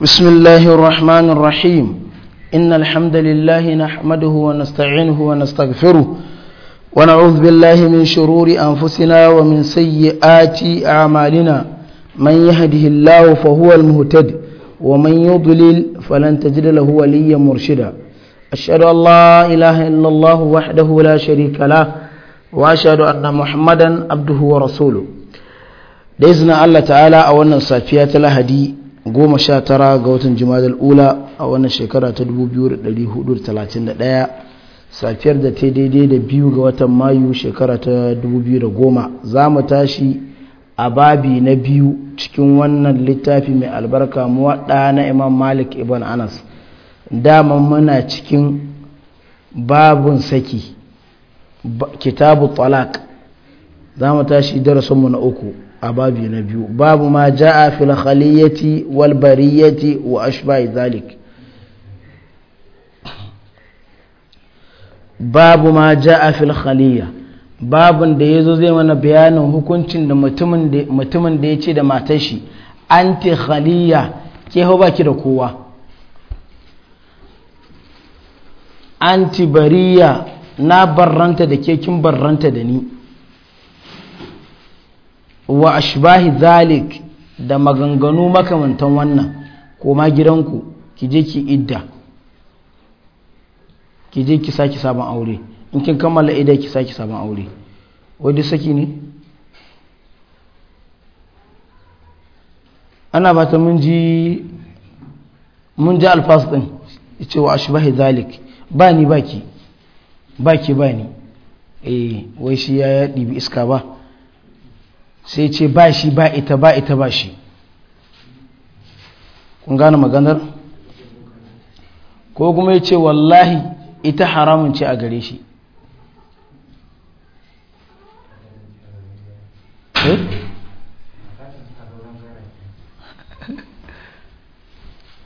بسم الله الرحمن الرحيم إن الحمد لله نحمده ونستعينه ونستغفره ونعوذ بالله من شرور أنفسنا ومن سيئات أعمالنا من يهده الله فهو المهتد ومن يضلل فلن تجد له وليا مرشدا أشهد أن لا إله إلا الله وحده لا شريك له وأشهد أن محمدا عبده ورسوله da izinin Allah ta'ala a wannan safiya ta lahadi goma sha tara ga watan jimadar ula a wannan shekara ta 2431 safiyar da ta daidai da biyu ga watan mayu shekara ta 2010 za mu tashi a babi na biyu cikin wannan littafi mai albarka muwaɗa na imam malik ibn anas dama muna cikin babun saki kitabu talak za mu tashi darasinmu na uku a babu na biyu babu ma ja'a fil khaliyyati wal wa ashba'i dhalik babu ma ja'a fil khaliyya babun da ya zo zai mana bayanin hukuncin da mutumin da mutumin da yace da matar shi anti khaliya ke ho baki da kowa anti bariya na barranta da ke kin barranta da ni wa ashbahi zalik da maganganu makamantan wannan koma gidanku ki je ki idda ki je ki saki sabon aure in kin kammala idda ki saki sabon aure wai duk saki ne ana ta mun ji mun ji alfas din wa ashbahi zalik ba ni baki baki ba ni eh wai shi ya ɗibi iska ba sai ce ba shi ba ita ba ita ba shi kun gane maganar ko kuma ya ce wallahi ita haramun ce a gare shi eh?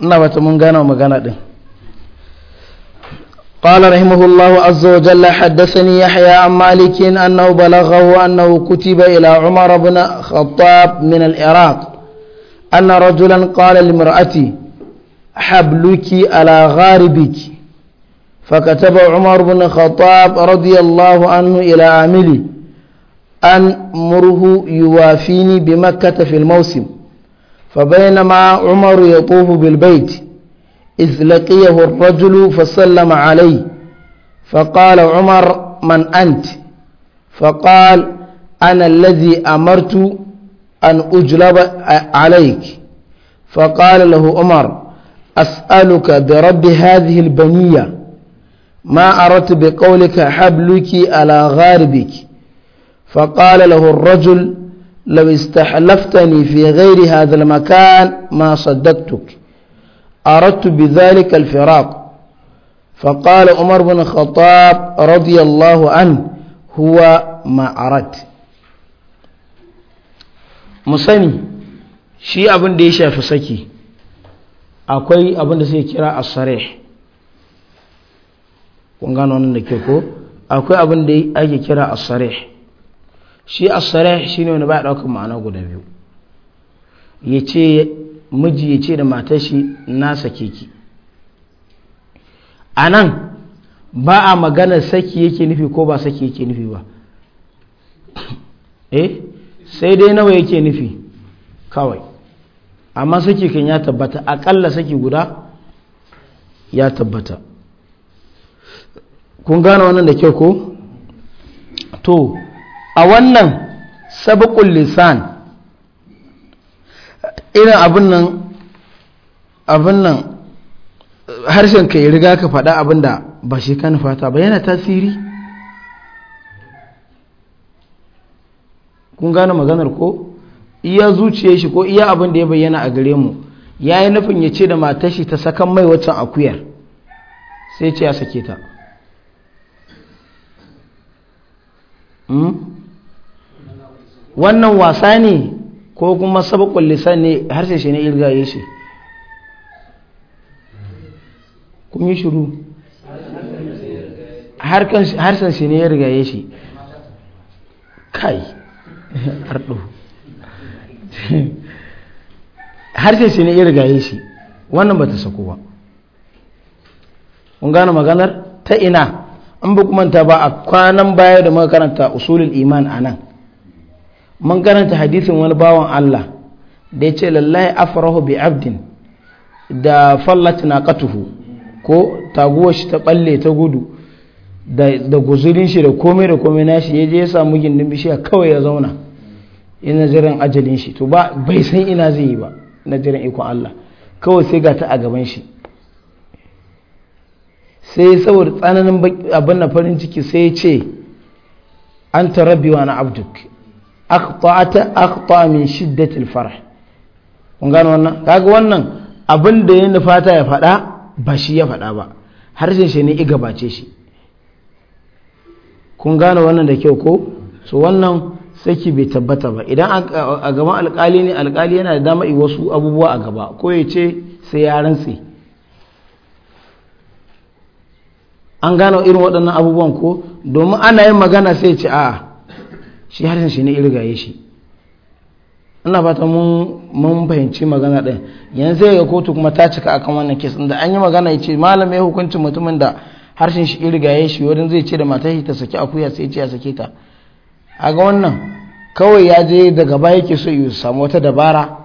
ina bata mun gane magana ɗin. قال رحمه الله عز وجل حدثني يحيى عن مالك أنه بلغه أنه كتب إلى عمر بن خطاب من العراق أن رجلا قال لامرأتي حبلك على غاربك فكتب عمر بن خطاب رضي الله عنه إلى عاملي أن مره يوافيني بمكة في الموسم فبينما عمر يطوف بالبيت إذ لقيه الرجل فسلم عليه فقال عمر من أنت فقال أنا الذي أمرت أن أجلب عليك فقال له عمر أسألك برب هذه البنية ما أردت بقولك حبلك على غاربك فقال له الرجل لو استحلفتني في غير هذا المكان ما صدقتك أردت بذلك الفراق فقال عمر بن الخطاب رضي الله عنه هو ما أردت musani shi abin da ya shafi saki akwai abin da sai kira asare kun gano wannan da ke ko akwai abin da ake kira a asare shi a asare shi ne wani ba ya ɗaukar ma'ana guda biyu ya ce miji ya ce da matar shi na sake ki a nan ba a maganar saki yake nufi ko ba saki yake nufi ba eh sai dai nawa yake nufi kawai amma saki kan ya tabbata akalla saki guda ya tabbata kun gane wannan da kyau ko to a wannan sabakun lisan irin abin nan abin nan harshen ka yi riga ka faɗa abin da ba shi kan fata ba yana tasiri kun gane maganar ko iya zuciya shi ko iya abin da ya bayyana a gare mu ya yi nufin ya ce da matashi ta sakan mai waccan akuyar sai ce ya sake ta hmm? wannan wasa ne ko kuma sabakon lisan ne harshe shi ne irgaye shi kun yi shuru harshen shi ne ya rigaye shi kai ardo harshen shi ne ya shi wannan ba ta sako ba kun gane maganar ta ina an bukumanta ba a kwanan baya da makaranta usulul iman a nan mun karanta hadisin wani bawan Allah da ya ce lallai afarahu bi abdin da fallat na katuhu ko taguwa shi ta balle ta gudu da guzurin shi da komai da komai nashi ya je ya samu gindin bishiya kawai ya zauna ina jiran ajalin shi to ba bai san ina zai yi ba na jiran ikon Allah kawai sai ga ta a gaban shi sai saboda tsananin abin na farin ciki sai ya ce an tarabbi wa na abduk akhta'ata akhta min al farh kun gano wannan kaga wannan abinda da nufa nufata ya fada ba shi ya fada ba har harshen shi ne i gabace shi kun gano wannan da kyau ko so wannan saki bai tabbata ba idan a gaba alkali ne alkali yana da dama wasu abubuwa a gaba ko ya ce sai ya rantse an gano irin waɗannan abubuwan ko domin ana yin magana sai ce a'a shi harshen shi ne irgaye shi ina fata mun fahimci magana ɗin yanzu ya kotu kuma ta cika akan wannan kes da an yi magana ya ce malam ya hukuncin mutumin da harshen shi irgaye shi wurin zai ce da matar ta saki akuya sai ce ya sake ta a ga wannan kawai ya je daga baya yake so ya samu wata dabara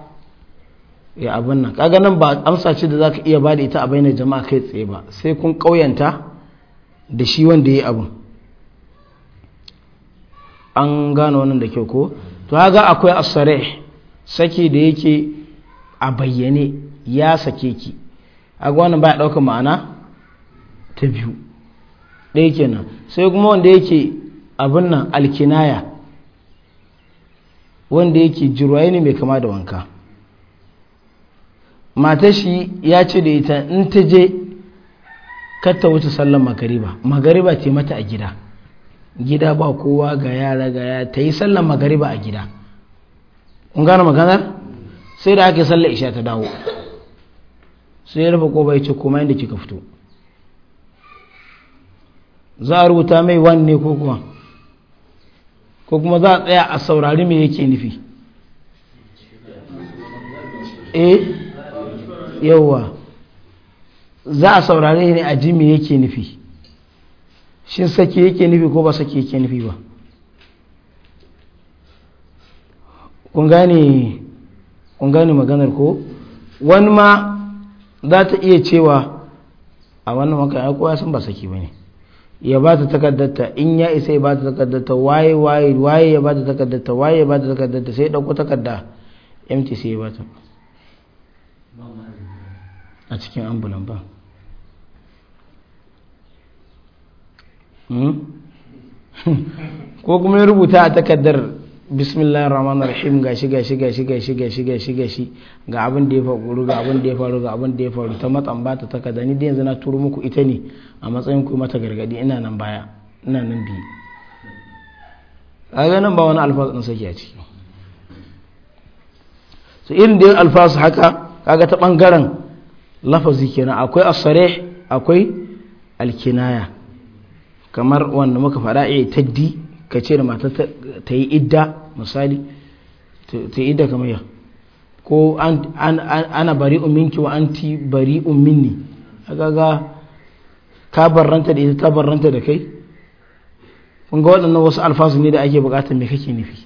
ya abin nan kaga nan ba amsa ce da zaka iya bada ita a bainar jama'a kai tsaye ba sai kun ƙauyanta da shi wanda ya abin an gano wannan da kyau ko to haga akwai asare saki da yake a bayyane ya sake ki ga wannan baya ɗauka ma'ana ta biyu ɗaya kenan sai kuma wanda yake abin nan alkinaya wanda yake jirwaye ne mai kama da wanka matashi ya ce da ita in ta je kar ta wuce sallan magariba magariba ce mata a gida gida ba kowa ga yara ga ya ta yi sallar magariba a gida kun gane maganar sai da ake sallar isha ta dawo sai ya rufe kofa ya ce kuma inda kika fito za a rubuta mai wani ne ko kuma ko kuma za a tsaya a saurari me yake nufi eh yauwa za a saurari ne a ji yake nufi shi sake yake nufi ko ba sake yake nufi ba kun gane maganar ko wani ma za ta iya cewa a wannan maka ya kowa sun ba sake ba ne ya ba ta takaddata in ya isa ya ba ta takaddata waye waye waye ya ba ta takaddata waye ya ba ta takaddata sai ɗauko takadda mtc ya ba ta a cikin ambulan ba Hmm? ko kuma ya rubuta a takardar bismillah rahmanir rahim shi ga shi ga shi ga shi ga shi shi ga ga abin da ya faru ga abin da ya faru ga abin da ya faru ta matsan ba ta takarda ni dai yanzu na turo muku ita ne a matsayin ku mata gargadi ina nan baya ina nan biyu kaga nan ba wani alfasu din sake a ciki su irin da alfasu haka kaga ta bangaren lafazi kenan akwai as akwai alkinaya kamar wanda muka faɗa a eh, taddi ka ce da mata ta yi idda misali ta yi idda kamar ya ko ana bari uminki wa anti bari umminni agaga ka barranta da ita ta barranta da kai kun ga waɗannan wasu alfazu ne da ake bukatar me kake nufi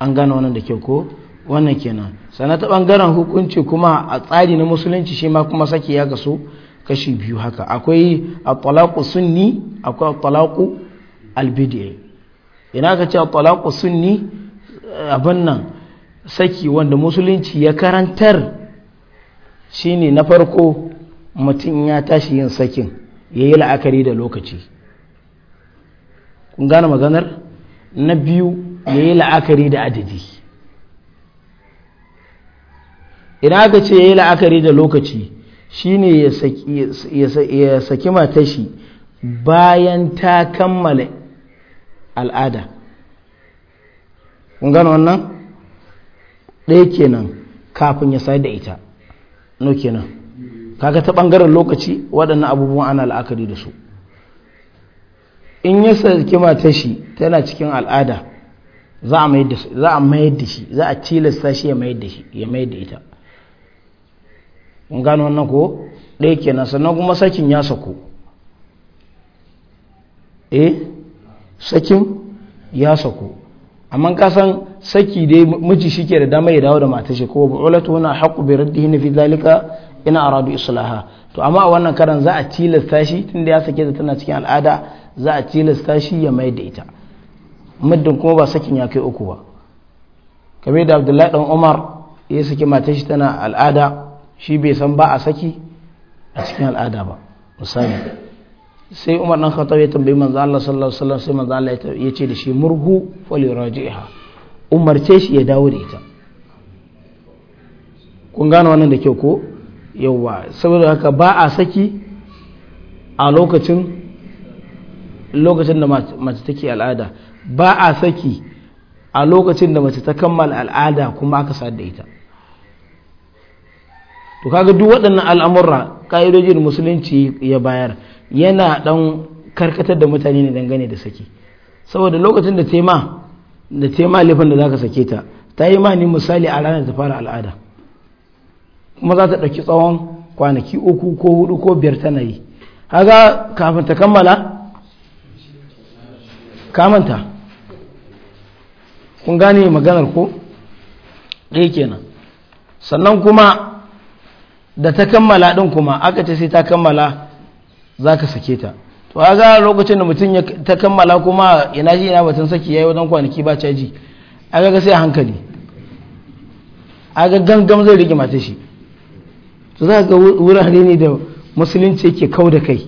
an gane wannan da kyau ko wannan kenan sana ta ɓangaren hukunci kuma a tsari na musulunci shi ma kuma sake ya so. kashi biyu haka akwai a talaqu sunni akwai a talaqu al ina ka ce a sunni eh, abin nan saki wanda musulunci ya karantar shine na farko mutum ya tashi yin sakin ya yi la'akari da lokaci kun gane maganar na biyu ya yi la'akari da adadi ina ka ce yi la'akari da lokaci Shi ne ya saki matashi bayan ta kammala al'ada kun gano wannan ɗaya kenan kafin ya sai da ita no kenan kaga ta ɓangaren lokaci waɗannan abubuwan ana la'akari da su in ya saki matar tana cikin al'ada za a mayar da shi za a tilasta shi ya mayar da ita kun gano wannan ko ɗaya kenan sannan kuma sakin ya sako. eh sakin ya sako. amma ka san saki dai miji shike da dama ya dawo da mata shi ko bu'ulatu na haqqu bi raddihi fi zalika ina aradu islaha to amma a wannan karan za a tilasta shi tunda ya sake ta tana cikin al'ada za a tilasta shi ya mai da ita muddin kuma ba sakin ya kai uku ba kamar da Abdullahi dan Umar ya saki mata shi tana al'ada shi bai san ba a saki a cikin al'ada ba misali sai umar dan khattab ya tambayi manzo Allah sallallahu alaihi wasallam sai manzo Allah ya ce da shi murhu Umar ce shi ya dawo da ita kun gane wannan da kyau ko yawa saboda haka ba a saki a lokacin lokacin da mace take al'ada ba a saki a lokacin da mace ta kammala al'ada kuma aka sa da ita to kaga duk waɗannan al'amurra ƙa'idojin musulunci ya bayar yana ɗan karkatar da mutane ne dangane da saki saboda lokacin da tema da tema laifin da za ka sake ta ta yi ma ni misali a ranar ta fara al'ada kuma za ta ɗauki tsawon kwanaki uku ko hudu ko biyar tana yi haga kafin ta kammala kamanta kun gane maganar ko ɗaya kenan sannan kuma da ta kammala ɗin kuma aka ce sai ta kammala za ka sake ta to a gara lokacin da mutum ya ta kammala kuma ina shi ina batun saki ya yi wajen kwanaki ba caji a ga sai a hankali a ga gangam zai rike mata shi to za ga wurare ne da musulunci yake kau da kai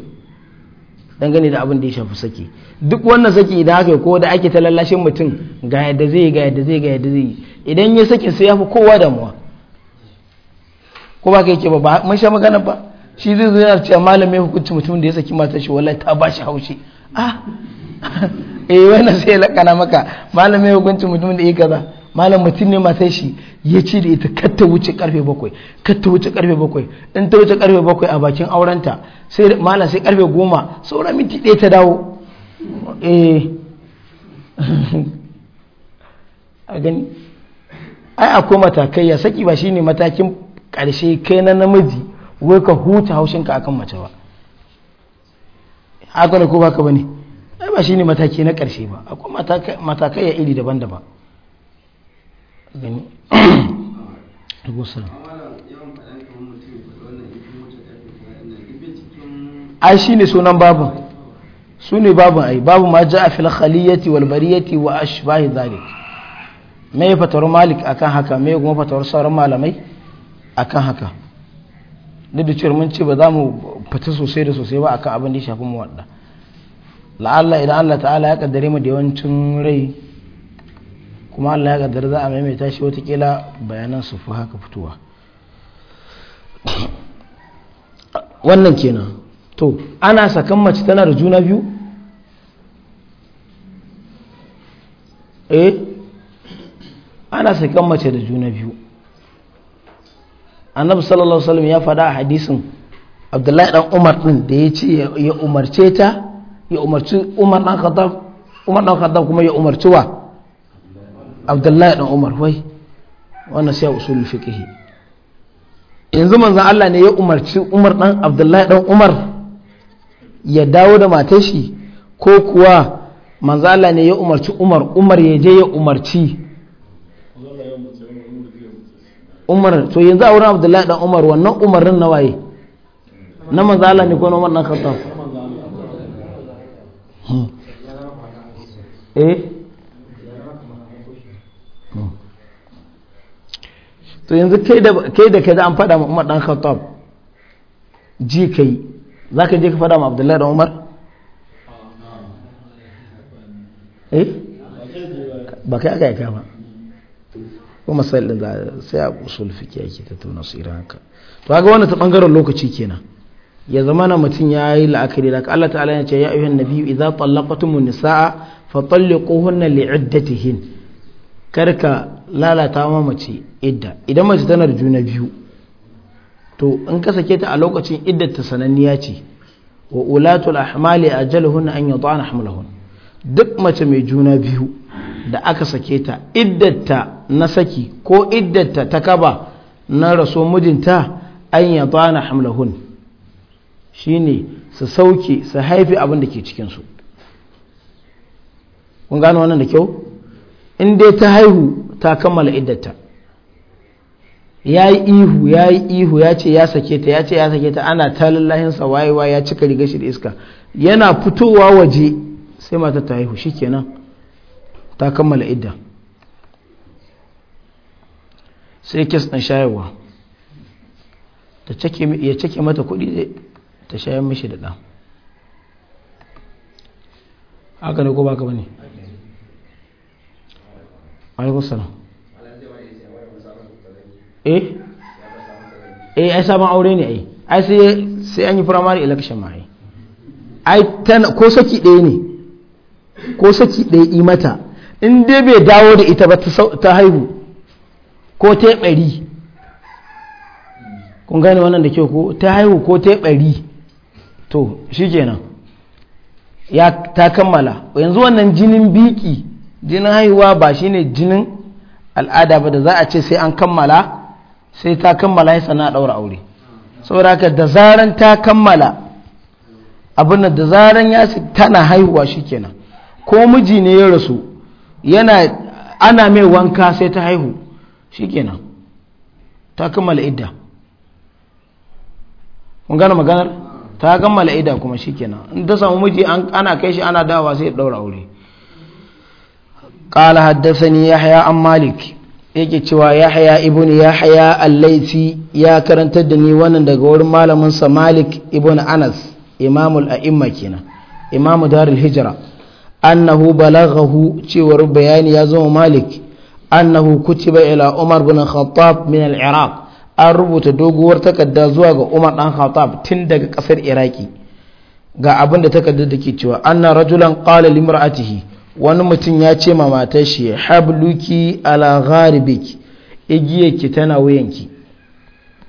dangane da abin da ya shafi saki duk wannan saki idan haka ko da ake ta lallashin mutum ga yadda zai ga yadda zai ga yadda zai idan ya saki sai ya fi kowa damuwa ko ba ka yake ba mun sha magana ba shi zai zai yana cewa malam ya hukunci mutum da ya saki matar shi wallahi ta shi haushi ah eh wannan sai lakana maka malami ya hukunci mutum da ya kaza malam mutum ne matar shi ya ce da ita kar ta wuce karfe bakwai kar ta wuce karfe bakwai in ta wuce karfe bakwai a bakin aurenta sai malam sai karfe goma saura minti ɗaya ta dawo eh a gani ai akwai matakai ya saki ba shine matakin ƙarshe kai na namiji wai ka huta haushinka akan mace ba haka ne ko ba ka bane ai ba shine mataki na ƙarshe ba akwai matakai ya iri daban-daban gani ai shine sunan babu su ne ai babu ma ja a fil khaliyati wal bariyati wa ashbahi zalik me fatar malik akan haka me kuma fatar sauran malamai akan haka duk da cewar mun ce ba za mu fita sosai da sosai ba akan abin da ya shafi wadda la'alla idan Allah ta'ala ya kaddare mu da yawancin rai kuma Allah ya kaddare za a maimaita shi watakila bayanan su fi haka fitowa wannan kenan to ana sakan mace tana da juna biyu eh ana sakan mace da juna biyu annabi sallallahu alaihi wasallam ya faɗa a hadisin abdullahi dan umar din da ya ce ya umarce ta ya umarci umar dan khattab umar dan khattab kuma ya umarci wa abdullahi dan umar wai wannan sai usul fiqh yanzu manzon Allah ne ya umarci umar dan abdullahi dan umar ya dawo da matar shi ko kuwa manzo Allah ne ya umarci umar umar ya je ya umarci umar to yanzu a wurin abdullahi dan umar wannan umarin na waye na manzo ne ko na wannan dan hmm. eh hmm. to yanzu kai da kai da an fada ma umar dan khattab ji kai za ka je ka fada ma abdullahi dan umar eh ba kai aka yi kama ko masail din sai a usul fiqh yake tattauna su irin haka to kaga wannan ta bangaren lokaci kenan ya zamana mutum ya yi la'akari da Allah ta'ala ya ce ya ayyuhan nabiyyu idza tallaqtumun nisaa fatalliquhunna li'iddatihin karka lalata ma mace idda idan mace tana da juna biyu to in ka sake ta a lokacin iddar ta sananniya ce wa ulatul ahmali ajaluhunna an yudana hamlahun duk mace mai juna biyu da aka sake ta iddata na saki ko iddata ta kaba na raso mijinta an ya bana hamlahun shine su sauke su haifi abin da ke cikinsu kun gano wannan da kyau in dai ta haihu ta kammala iddata ya yi ihu ya yi ihu ya ce ya sake ta ya ce ya sake ta ana ta lallahinsa wayewa ya cika rigashi shi da iska yana fitowa waje sai mata ta haihu shi kenan ta kammala idda sai kes ɗin shayarwa ya cike mata kuɗi ta shayar mishi da ɗan haka ne ko ba ka bane ne alaikusalam eh eh ai sabon aure ne ai ai sai an yi primary election ma ai ai ko saki ɗaya ne ko saki ɗaya imata in dai bai dawo da ita ba ta haihu ko ta yi ɓari kun gane wannan da kyau ko ta haihu ko ta yi ɓari to shi kenan ya ta kammala yanzu wannan jinin biki jinin haihuwa ba shi ne jinin al'ada ba da za a ce sai an kammala sai ta kammala ya sana ɗaura aure saboda haka da zaran ta kammala abin da zaran ya tana haihuwa shi kenan ko miji ne ya rasu yana ana mai wanka sai ta haihu shikenan ta kammala idda kun gane maganar ta kammala idda kuma shikenan in ta samu miji ana kai shi ana dawa sai ya daura aure قال حدثني يحيى an malik yake cewa yahya ibn yahya al-laisi ya karantar da ni wannan daga wurin malamin sa malik ibn anas imamul a'imma kenan imamu darul hijra annahu balaghahu cewar bayani ya zama malik annahu kutiba ila umar bin khattab min al-iraq an rubuta doguwar takarda zuwa ga umar dan khattab tun daga kasar iraki ga abinda da takardar da cewa anna rajulan qala limra'atihi wani mutum ya ce ma matar shi habluki ala gharibik igiyarki tana wuyanki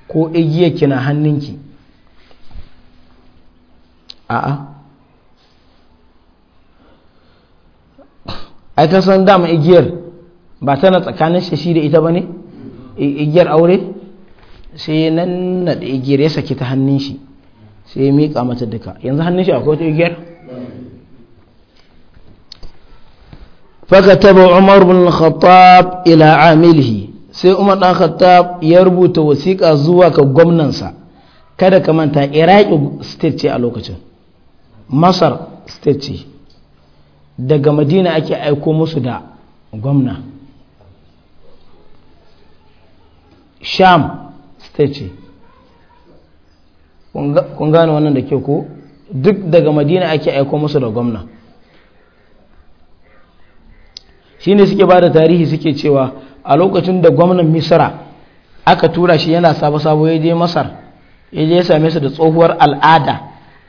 ko igiyarki na hannunki a'a ai ta san dama igiyar ba tana tsakanin shi da ita ba ne igiyar aure sai nan na da igiyar ya saki ta hannun shi sai ya miƙa mata duka yanzu hannun shi akwai ta igiyar فكتب umar bin khattab Ila-Amilihi, sai umar ɗan khattab ya rubuta wasiƙa zuwa ga gwamnansa kada ka manta iraki state ce a lokacin masar state ce daga madina ake aiko musu da gwamna sham state kun gane wannan da ke ko duk daga madina ake aiko musu da gwamna shi ne suke ba da tarihi suke cewa a lokacin da gwamnan misra aka tura shi yana sabo-sabo ya je masar ya je ya same su da tsohuwar al'ada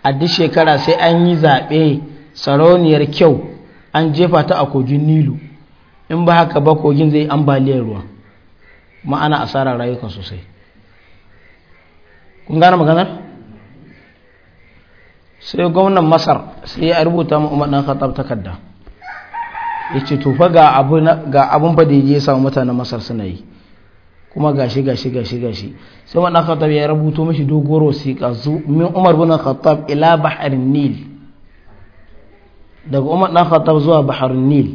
a duk shekara sai an yi zaɓe sarauniyar kyau an jefa ta a kogin nilu in ba haka ba kogin zai ambaliyar ruwa ma'ana asara rayuka sosai kun gane maganar sai gwamnan masar sai ya rubuta ma umar ta takarda ya ce tufa ga abin ba da ya samu mutanen masar suna yi kuma gashi gashi gashi gashi sai umar ɗan ya rubuto mashi doguwar wasiƙa min umar bin khatab ila bahar nil daga umar ɗan khattab zuwa baharin nil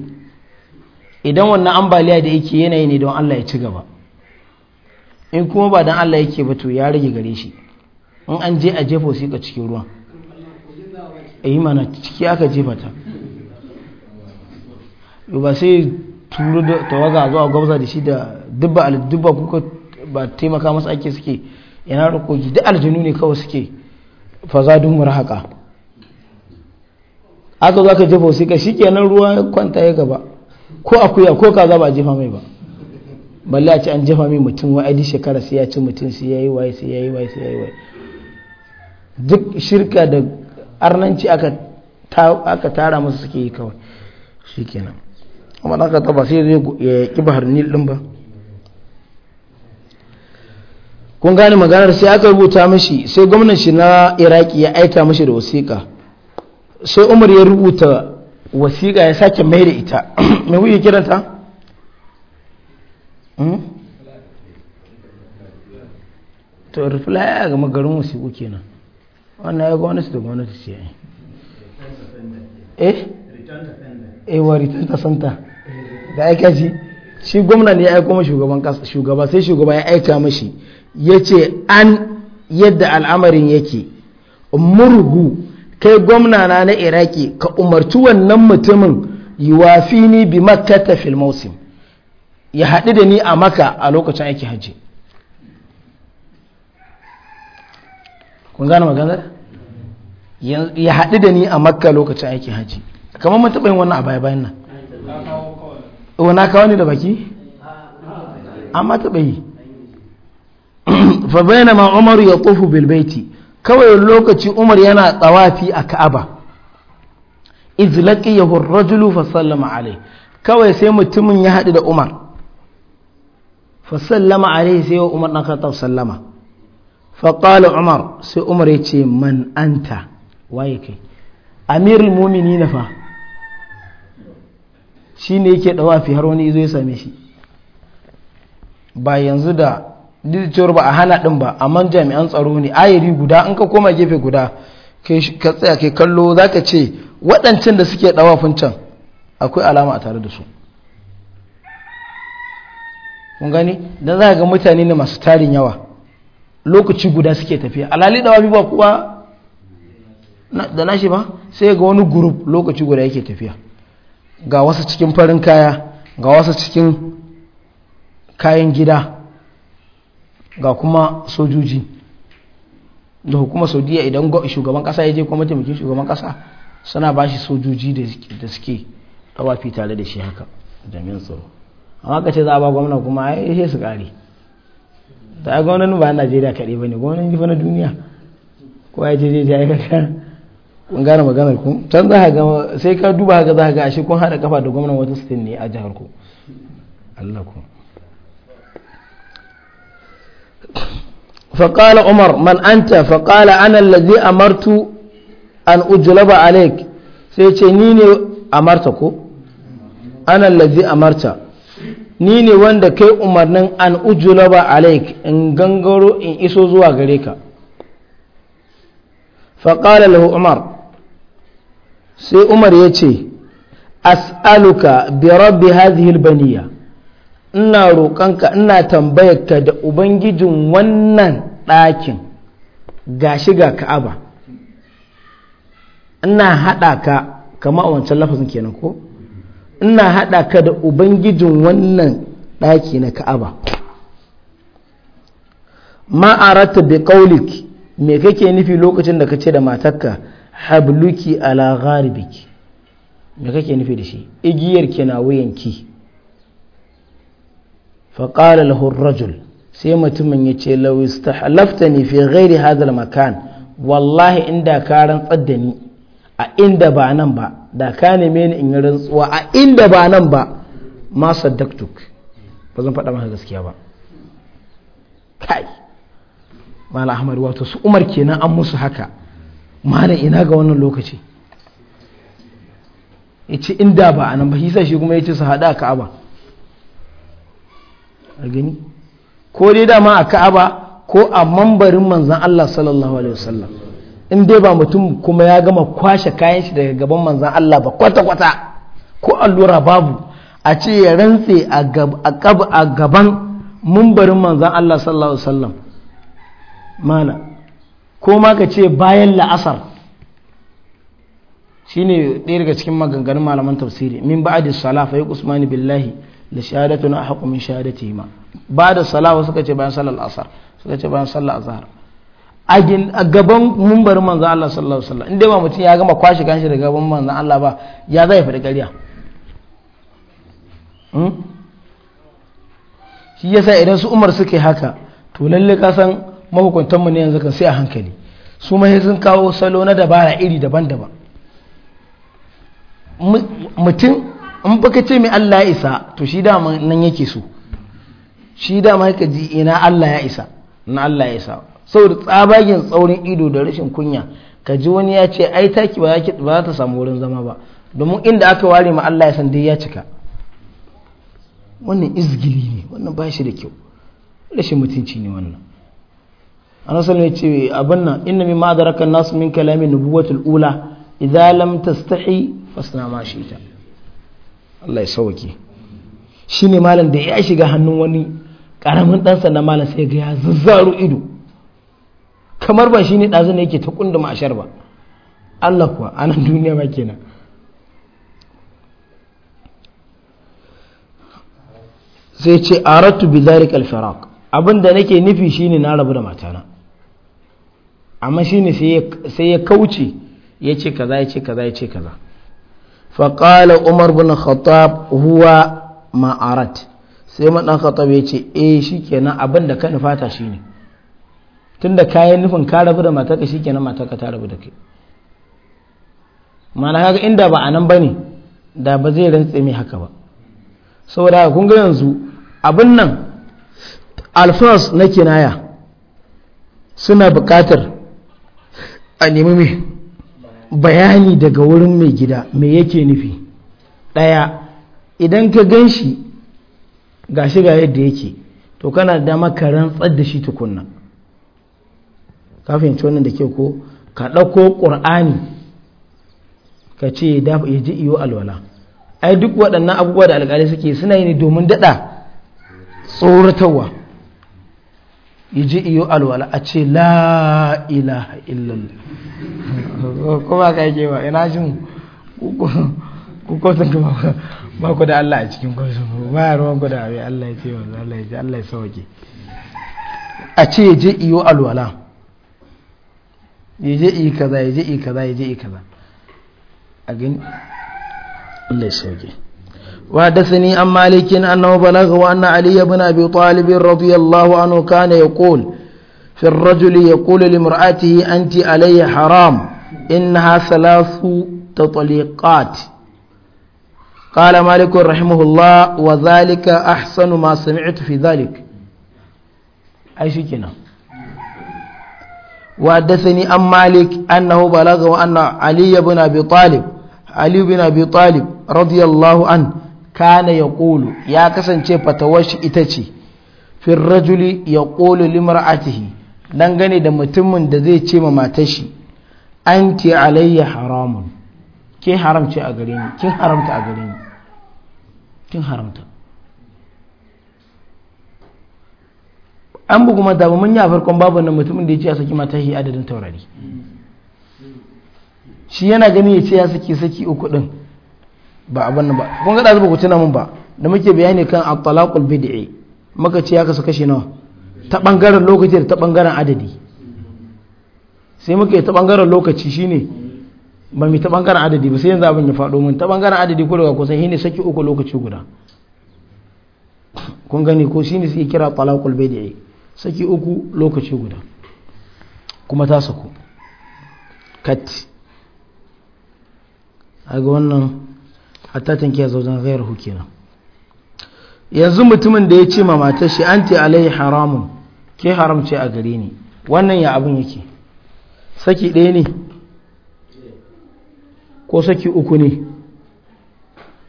idan wannan ambaliya da yake yanayi ne don Allah ya ci gaba in kuma ba don Allah yake ba to ya rage gare shi in an je a jefa ka cikin ruwan a eh, yi mana ciki aka jefa ta ba sai turu da tawaga zuwa gwamza da shi da dubba kuka ba taimaka masa ake suke yana rukogi da aljanu ne kawai suke fazadun murhaka aka zo aka jefa ka shikenan ruwa ya kwanta ya gaba ko akuya ko kaza ba a jefa mai ba balle a ce an jefa mai mutum wa aidi shekara sai ya ci mutum sai yayi waye sai yayi waye sai yayi waye duk shirka da arnanci aka aka tara musu suke yi kawai shikenan amma dan ka taba sai ya ki bahar nil din ba kun gane maganar sai aka rubuta mishi sai gwamnati na iraki ya aika mishi da wasiƙa sai umar ya rubuta wasiƙa ya sake mai da ita mai wuyi kiranta? Hmm? to rufula ya gama garin wasiƙu kenan wannan ya gwamnati da gwamnati ce yi eh? eh wa ta santa da aika ji shi gwamna ne ya aiko ma shugaban kasa shugaba sai shugaba ya aika mashi ya ce an yadda al'amarin yake murhu kai gwamna na na iraki ka umarci wannan mutumin ni bi makata fil mausim ya haɗu da ni a maka a lokacin aiki hajji kun gane maganar ya haɗu da ni a makka lokacin aiki hajji kamar mun taɓa yin wannan a baya bayan nan wana oh, kawo ne da baki amma taɓa yi fa bayyana ma umaru ya tofu bilbaiti kawai lokaci umar yana tsawafi a ka'aba izlaki yahu rajulu fasallama alai kawai sai mutumin ya haɗu da umar fasallama alai sai wa umar ɗan khattab sallama faƙala umar sai umar ya ce man anta waye kai amirul mumini na fa shi ne yake ɗawafi har wani izo ya same shi ba yanzu da duk ba a hana ɗin ba amma jami'an tsaro ne ayari guda an ka koma gefe guda ka tsaya kai kallo za ka ce waɗancan da suke ɗawafin can akwai alama a tare da su kun gani don za ga mutane ne masu tarin yawa lokaci guda suke tafiya ɗawa ɗawafi ba kuwa da nashi ba sai ga wani gurup lokaci guda yake tafiya ga wasu cikin farin kaya ga wasu cikin kayan gida ga kuma sojoji da hukuma saudiya idan shugaban kasa ya je kuma mataimakin shugaban kasa suna ba shi sojoji da suke tawafi tare da shi haka jami'an tsaro amma ka ce za a ba gwamna kuma ya yi su kare ta yi gwamnan ba najeriya kaɗai ba ne gwamnan jifa na duniya ko ya je je ya yi kaka kun gane maganar ku can za ka gama sai ka duba haka za ka ga shi kun haɗa kafa da gwamnan wata sitin ne a jihar ku allah ku فقال عمر من أنت فقال أنا الذي أمرت أن أجلب عليك سيتنيني أمرتك أنا الذي أمرت ni ne wanda kai umarnin an ujula ba in gangaro in iso zuwa gareka ka faƙala umar sai umar ya ce as'aluka bi rabbi hadhihi albaniya ina roƙonka ina tambayarka da ubangijin wannan ɗakin gashi ga ka'aba ina haɗa ka kama a wancan lafazin kenan ko ina haɗa ka da ubangijin wannan ɗaki na ka'aba ma'arata bi qaulik me kake nufi lokacin da ka ce da matarka habluki ala gharibiki me kake nufi da shi igiyar ki na wuyanki فقال له الرجل sai mutumin ya ce استحلفتني في halafta هذا المكان gairi hadal makan wallahi inda ka rantsar دا ni a inda ba ba da ka in yi rantsuwa a inda ba ba ma saddaktuk ba zan faɗa maka gaskiya ba mala su umar kenan an haka ina ga wannan lokaci ya ce inda ba a nan ba shi kuma ya ce su ka ka'aba a gani ko dai dama a ka'aba ko a mambarin manzan Allah sallallahu alaihi wasallam in dai ba mutum kuma ya gama kwashe kayan shi daga gaban manzan Allah ba kwata-kwata ko allura babu a ce ya rantse a gaban mambarin manzan Allah sallallahu alaihi wasallam mana ko ma ka ce bayan la'asar shine ɗaya daga cikin maganganun malaman tafsiri min ba'di salah fa usmani billahi Da shahadatu na ahqqu min ma ba da salawa suka ce bayan sallar asar suka ce bayan sallar azhar a gaban mumbarin manzo Allah sallallahu alaihi wasallam inda ba mutum ya gama kwashi kanshi da gaban manzo Allah ba ya zai fadi ƙarya hmm? shi yasa idan su Umar suke haka to lalle ka san mahukuntan mu ne yanzu kan sai a hankali su mai sun kawo salo na dabara iri daban-daban mutum in baka ce mai Allah ya isa to shi dama nan yake so shi dama yake ji ina Allah ya isa na Allah ya isa saboda tsabagen tsaurin ido da rashin kunya ka ji wani ya ce ai taki ba za ta samu wurin zama ba domin inda aka ware ma Allah ya san dai ya cika wannan izgili ne wannan ba shi da kyau rashin mutunci ne wannan annabi ya ce abin nan inna mimma adraka nasu min kalami nubuwatul ula idza lam tastahi fasna ma Allah ya sauke shi ne malam da ya shiga hannun wani karamin ɗansa na malam sai ga ya zazzaro ido kamar ba shi ne ɗazin da yake ta kunda ma'ashar ba Allah kuwa a nan duniya ba kenan sai ce a bi bizari kalfarak abinda nake nufi shine na rabu da matana amma shine sai ya kauce ya ce kaza ya ce kaza ya ce kaza faƙala umar bin khattab huwa ma'arat sai man ɗan khattab ya ce eh shikenan abin da ka nufata shi ne kayan nufin ka rabu da mataka shikenan mataka ta rabu da kai mana haka inda ba anan bane da ba zai rantse mai haka ba saboda kun ga yanzu abin nan alfas na kinaya suna buƙatar a nemi mai bayani daga wurin mai gida me yake nufi ɗaya idan ka gan shi ga shi ga yadda yake to kana da makaran da shi tukunna kafin wannan da ke ko ka ɗauko ƙur'ani ka ce ya ji iyo alwala ai duk waɗannan abubuwa da alƙalai suke suna yi ne domin daɗa tsoratarwa yaji iyo alwala a ce la ilaha illallah kuma ka yake ba ina shin kukotun kuma ba ku da Allah a cikin kwasu ba ya ruwan ku da abin Allah ya ce wa Allah ya ce Allah ya sauke a ce ya je iyo alwala ya je iya kaza ya je iya kaza ya je iya kaza a gani Allah ya sauke وحدثني عن مالك أنه بلغ وأن علي بن أبي طالب رضي الله عنه كان يقول في الرجل يقول لمرأته أنت علي حرام إنها ثلاث تطليقات قال مالك رحمه الله وذلك أحسن ما سمعت في ذلك أي شيء كنا وحدثني عن مالك أنه بلغ وأن علي بن أبي طالب علي بن أبي طالب رضي الله عنه kana ya ƙulu ya kasance fatawashi ita ce fin rajuli ya ƙulu don dangane da mutumin da zai ce ma matashi an ke alayya haramun ke haramce a gare ni kin haramta a gare ni kin haramta an bugu mata ba mun yi a farkon babu na mutumin da ya ce ya saki matashi adadin taurari shi yana gani ya ce ya saki saki uku din ba abin nan ba kun ga ɗazu ba ku tuna mun ba da muke bayani kan at-talaqul bid'i maka ce ya kasu kashi nawa ta bangaren lokaci da ta bangaren adadi sai muke ta bangaren lokaci shine ba mu ta bangaren adadi ba sai yanzu abin ya faɗo mun ta bangaren adadi ko daga kusan shine saki uku lokaci guda kun gani ko shine suke kira talaqul bid'i saki uku lokaci guda kuma ta saku kat a ga wannan hatta tankiya zaujan ghairuhu kenan yanzu mutumin da ya ce ma matar shi anti alaihi haramun ke haramce a gare ni wannan ya abin yake saki ɗaya ne ko saki uku ne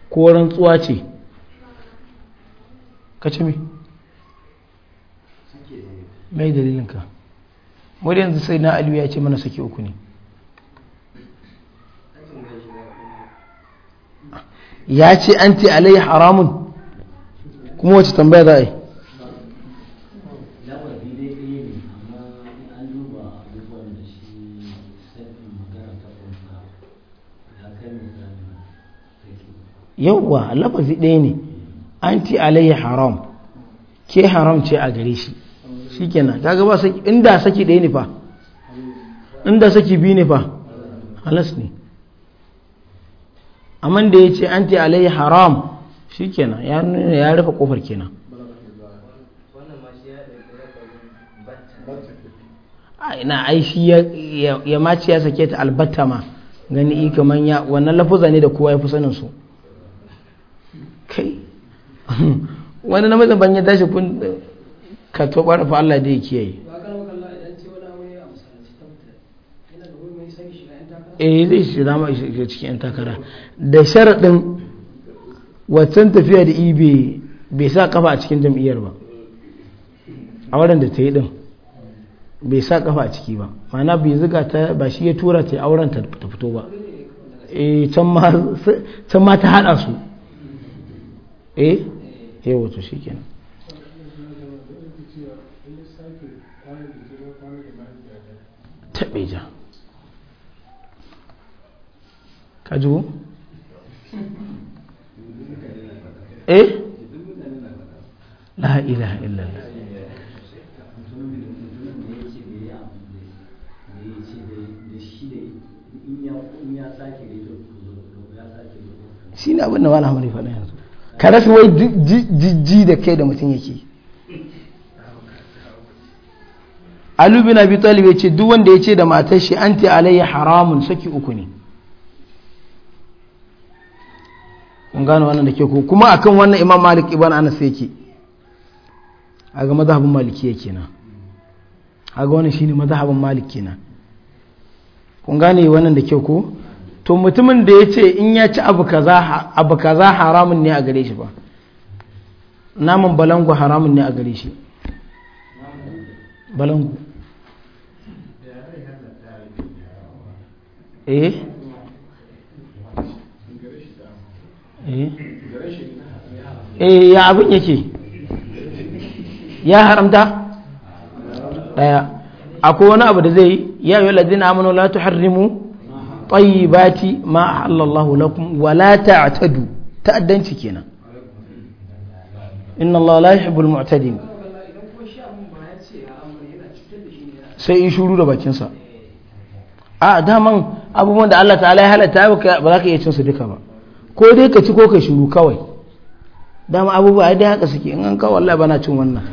ko rantsuwa ce ka ci mi mai dalilinka mu yanzu sai na aliyu ya ce mana saki uku ne ya ce an ti alai haramun kuma wacce tambaya za a yi yauwa lafazi ɗaya ne an ti alai haram ke haram ce a gare shi shi kenan ta gaba inda saki ɗaya ne fa inda saki biyu ne fa halas ne amma da ya ce an ta alai haram shi kenan ya nuna ya rufe kofar kenan ina ai shi ya mace ya sake ta albatta ma gani ika manya, wannan lafuza ne da kowa ya fi sanin su kai wani namazin ban ya tashi kun ka to ƙwarfa Allah da yake yi. eh zai shi zama shiga cikin 'yan takara da sharaɗin waccan tafiya da ibe bai sa kafa a cikin jam'iyyar ba a wurin da ta yi ɗin bai sa kafa a ciki ba mana bai zuga ta ba shi ya tura ta auren ta fito ba eh can ma ta haɗa su eh yau eh, wato shi kenan taɓe ja ka ji ko eh la ilaha illallah shi ne abin da wani hamari faɗa yanzu ka rasa wai jijji da kai da mutum yake alubina bin Abi ce duk wanda ya ce da matar shi anti alayya haramun saki uku ne mun gano wannan da ke ku kuma akan wannan imam malik ibn anas yake a ga mazhabin malikiya na a ga wannan shine mazhabin malik kenan kun gane wannan da ke ku to mutumin da ya ce in ya ci abu kaza abu kaza haramun ne a gare shi ba naman balangu haramun ne a gare shi balangu eh Eh? eh ya abin yake ya haramta daya akwai wani abu da zai ya yi ladina amanu la ba ti ma ahallallahu lakum wa la ta'tadu ta'addanci kenan inna Allah la yuhibbul mu'tadin sai in shuru da bakinsa a daman abubuwan da Allah ta'ala ya halatta ba za ka iya cin su duka ba ko dai ka ci ko ka shuru kawai dama abubuwa ya dai haka suke in an kawo Allah bana cin wannan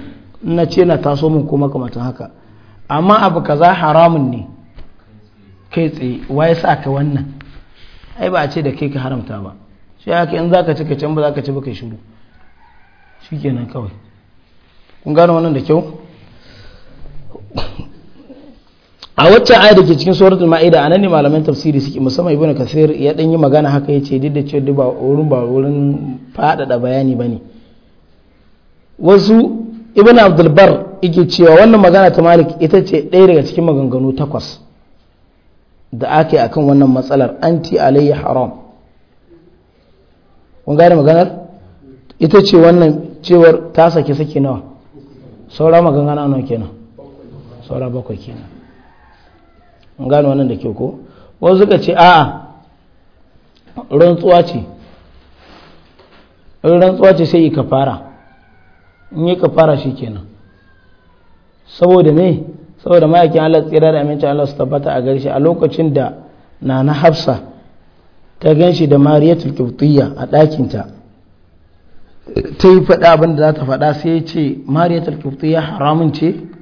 na ce na taso mun kuma kamatan haka amma abu kaza haramun ne kai tsaye waye sa ka wannan ai ba a ce da kai ka haramta ba shi haka in zaka ci ka can ba zaka ci ba shiru shuru shikenan kawai kun gane wannan da kyau a waccan ayar da ke cikin suratul ma'ida anan ne malaman tafsiri suke musamman ibnu kasir ya dan yi magana haka yace duk da cewa ba wurin ba wurin fadada bayani bane wasu ibnu abdul bar yake cewa wannan magana ta malik ita ce ɗaya daga cikin maganganu takwas da ake akan wannan matsalar anti alayhi haram kun gane maganar ita ce wannan cewar ta sake sake nawa saura maganganu nawa kenan saura bakwai kenan gano wannan da ke ko wasu suka ce a'a rantsuwa ce rantsuwa ce sai yi kafara in yi kafara shi kenan saboda me saboda ma'aikin Allah tsira da amincin Allah su tabbata a gari a lokacin da na na hafsa ta gan shi da mariyatul kibtiyya a ɗakinta ta yi faɗa abinda da za ta faɗa sai ya ce mariyatul kibtiyya haramun ce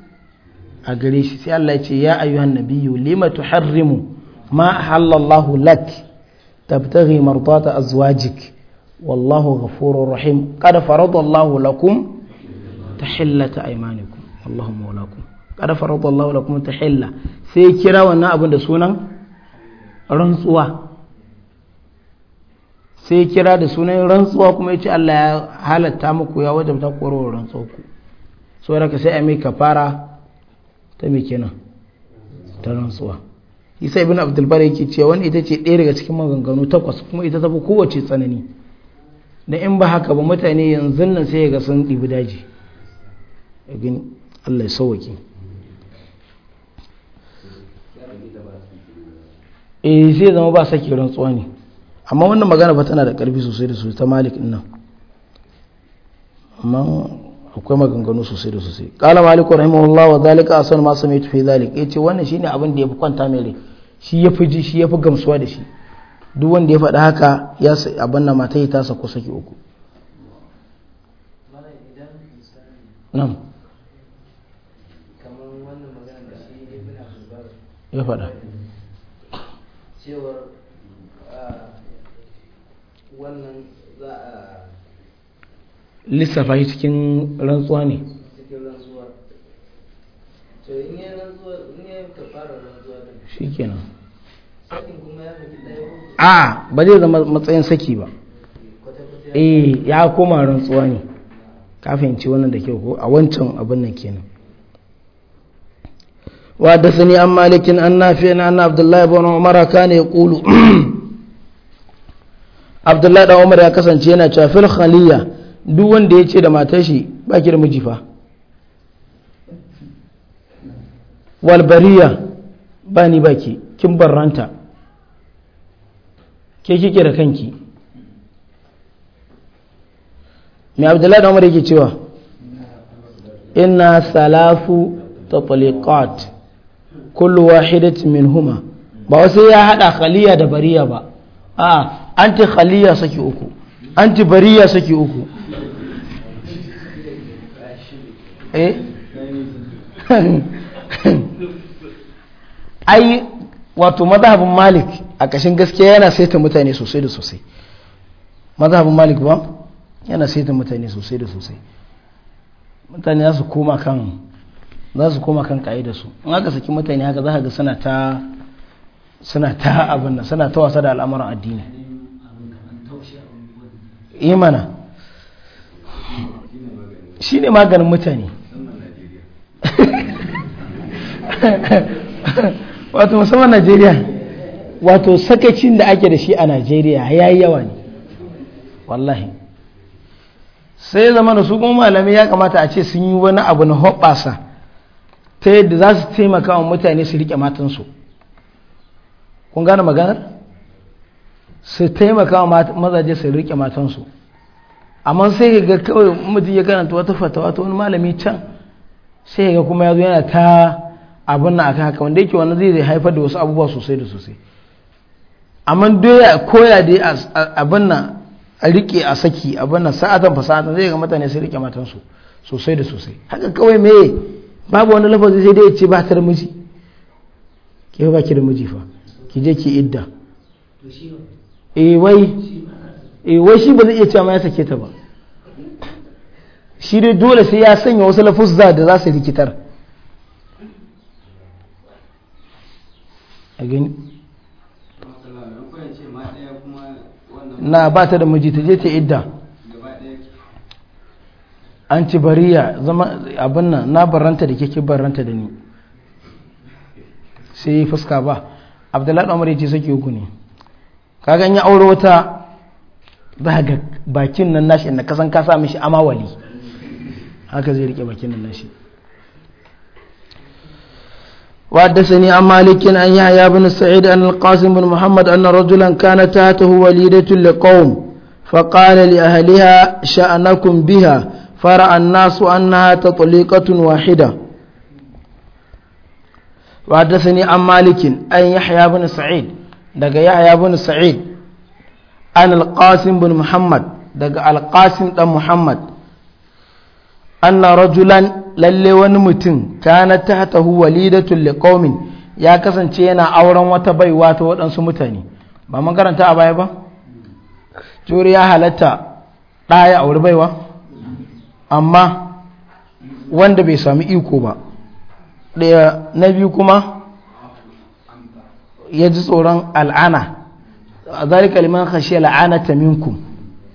a gare shi sai Allah ya ce ya ayyuhan nabiyyu lima tuharrimu ma ahallallahu lak tabtaghi mardata azwajik wallahu ghafurur rahim qad faradallahu lakum tahillata aymanikum Allahumma walakum qad faradallahu lakum tahilla sai kira wannan abin da sunan rantsuwa sai kira da sunan rantsuwa kuma ya ce Allah ya halatta muku ya wajabta korowar rantsuwa ku saboda ka sai a mai kafara ta mai kenan ta rantsuwa isa ibn abdulbar yake cewa wani ita ce ɗaya daga cikin maganganu takwas kuma ita tafi kowace tsanani da in ba haka ba mutane yanzu nan sai ga sun ɗibi daji gani allah ya sauwaki eh sai zama ba sake rantsuwa ne amma wannan magana ba tana da ƙarfi sosai da sosai ta malik nan amma akwai maganganu sosai da sosai qala malik rahimahullah wa zalika asan ma sami'tu fi zalik yace wannan shine abin da yafi kwanta mai rai shi yafi ji shi yafi gamsuwa da shi duk wanda ya faɗi haka ya abin nan mata yi tasa ko saki uku nan ya faɗa cewar ah, wannan za a lissafa shi cikin rantsuwa ne shi kenan a ba zai zama matsayin saki ba eh ya koma rantsuwa ne kafin ci wannan da kyau ko a wancan abin nan kenan وحدثني عن مالك عن نافع أن عبد الله بن عمر كان يقول عبد الله بن عمر يا كسن جينا في الخليه duk wanda ya ce da matar shi ba ki da miji fa walbariya ba ni ba ki kin barranta ke kike da kanki mai abdullahi da umar yake cewa ina salafu tafalikat kullu wahidat min huma ba wasu ya hada khaliya da bariya ba a anti khaliya saki uku anti bariya saki uku eh ai wato madhabin malik a kashin gaskiya yana saita mutane sosai da sosai madhabin malik ba yana saita mutane sosai da sosai mutane za su koma kan za su koma kan ka'ida su in aka saki mutane haka za ka ga suna ta suna ta abin nan suna ta wasa da al'amuran addini imana eh shi ne maganin mutane wato musamman najeriya wato sakacin da ake da shi a najeriya ya yi yawa ne wallahi sai zama da su kuma malami ya kamata a ce sun yi wani abu na hoɓasa ta yadda za su taimaka wa mutane su riƙe matansu kun gane maganar su taimaka wa mazaje su riƙe matansu amma sai ga kawai mutum ya karanta wata fatawa ta wani malami can sai ga kuma ya zo yana ta abin na akan haka wanda yake wannan zai haifar da wasu abubuwa sosai da sosai amma doya koya dai abin na a rike a saki abin na sa'atan fasa'atan zai ga mutane sai rike matansu sosai da sosai haka kawai me babu wani lafazi sai dai ce ba ta da miji ke ba ki da miji fa ki je ki idda eh wai eh wai shi ba zai iya cewa ma ya sake ta ba shi dai dole sai ya sanya wasu lafuzza da za su rikitar na ba ta da majita je ta idda an ci bariya zama abin nan na baranta da kike baranta da ni sai yi fuska ba abdullahi umar ya ce uku ne kaga ya aure wata za ga bakin nan nashi inda kasan ka sa mishi amawali haka zai rike bakin nan shi وحدثني عن مالك أن يحيى بن سعيد أن القاسم بن محمد أن رجلا كان تحته وليدة لقوم فقال لأهلها شأنكم بها فرأى الناس أنها تطليقة واحدة وحدثني عن مالك أن يحيى بن سعيد دقى يحيى بن سعيد أن القاسم بن محمد دقى القاسم بن محمد anna rajulan lalle wani mutum kana tahtahu walidatul liqaumin ya kasance yana auren wata baiwa ta waɗansu mutane ba mun karanta a baya ba jori ya halatta ɗaya auri baiwa amma wanda bai sami iko ba ɗaya na biyu kuma ya ji tsoron al'ana a zalika liman khashiya la'anata minkum